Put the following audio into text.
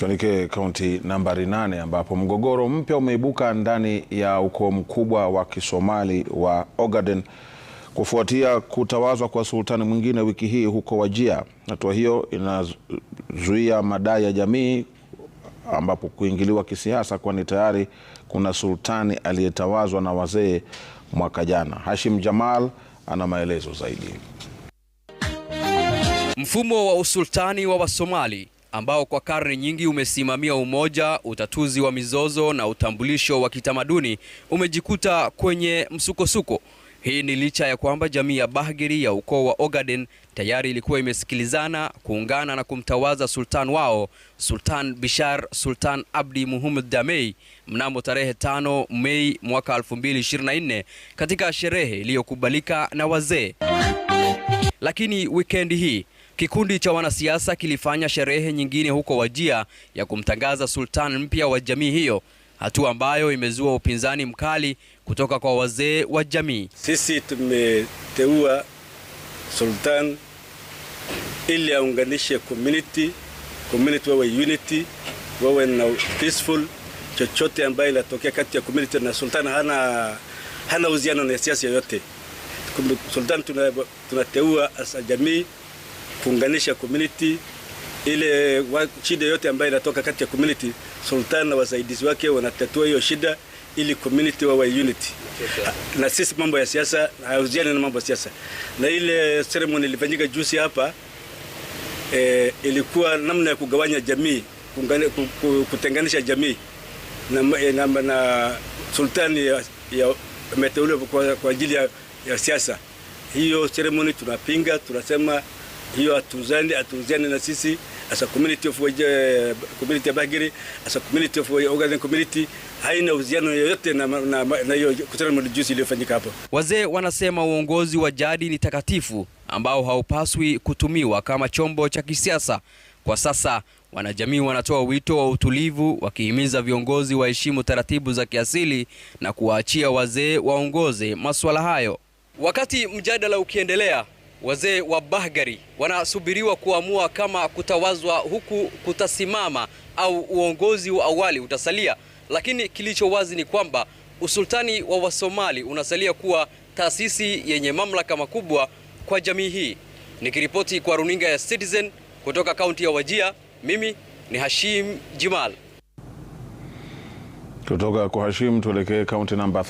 Tuanike kaunti nambari nane ambapo mgogoro mpya umeibuka ndani ya ukoo mkubwa wa Kisomali wa Ogaden kufuatia kutawazwa kwa sultani mwingine wiki hii huko Wajia. Hatua hiyo inazuia madai ya jamii ambapo kuingiliwa kisiasa, kwani tayari kuna sultani aliyetawazwa na wazee mwaka jana. Hashim Jamal ana maelezo zaidi. Mfumo wa usultani wa Wasomali ambao kwa karne nyingi umesimamia umoja, utatuzi wa mizozo na utambulisho wa kitamaduni umejikuta kwenye msukosuko. Hii ni licha ya kwamba jamii ya Bahgiri ya ukoo wa Ogaden tayari ilikuwa imesikilizana, kuungana na kumtawaza sultan wao Sultan Bishar Sultan Abdi Muhammad Damei mnamo tarehe 5 Mei mwaka 2024 katika sherehe iliyokubalika na wazee. Lakini wikendi hii Kikundi cha wanasiasa kilifanya sherehe nyingine huko Wajia ya kumtangaza sultan mpya wa jamii hiyo, hatua ambayo imezua upinzani mkali kutoka kwa wazee wa jamii. Sisi tumeteua sultan ili aunganishe community, community wawe unity, wawe na peaceful. Chochote ambayo inatokea kati ya community na sultan hana hana uhusiano na siasa yoyote. Sultan tunateua asa jamii kuunganisha community ile wa, shida yote ambayo inatoka kati ya community, sultan na wasaidizi wake wanatatua hiyo shida ili community wawe unity. Na sisi mambo ya siasa hauziani na mambo ya siasa. Na ile ceremony ilifanyika juzi hapa e, ilikuwa namna ya kugawanya jamii, kutenganisha jamii na, eh, na, na, na sultani ya, ya meteuliwa kwa, kwa ajili ya, ya siasa. Hiyo ceremony tunapinga, tunasema hiyo atuzane atuzane na sisi as a community of uh, community ya Bagiri as a community of eh, organizing community haina uhusiano yoyote na na hiyo kutana juice iliyofanyika hapo. Wazee wanasema uongozi wa jadi ni takatifu ambao haupaswi kutumiwa kama chombo cha kisiasa. Kwa sasa wanajamii wanatoa wito wa utulivu, wakihimiza viongozi waheshimu taratibu za kiasili na kuwaachia wazee waongoze masuala hayo. Wakati mjadala ukiendelea Wazee wa Bahgari wanasubiriwa kuamua kama kutawazwa huku kutasimama au uongozi wa awali utasalia, lakini kilicho wazi ni kwamba usultani wa Wasomali unasalia kuwa taasisi yenye mamlaka makubwa kwa jamii hii. Nikiripoti kwa runinga ya Citizen kutoka kaunti ya Wajia, mimi ni Hashim Jimal. Kutoka kwa Hashim tuelekee kaunti namba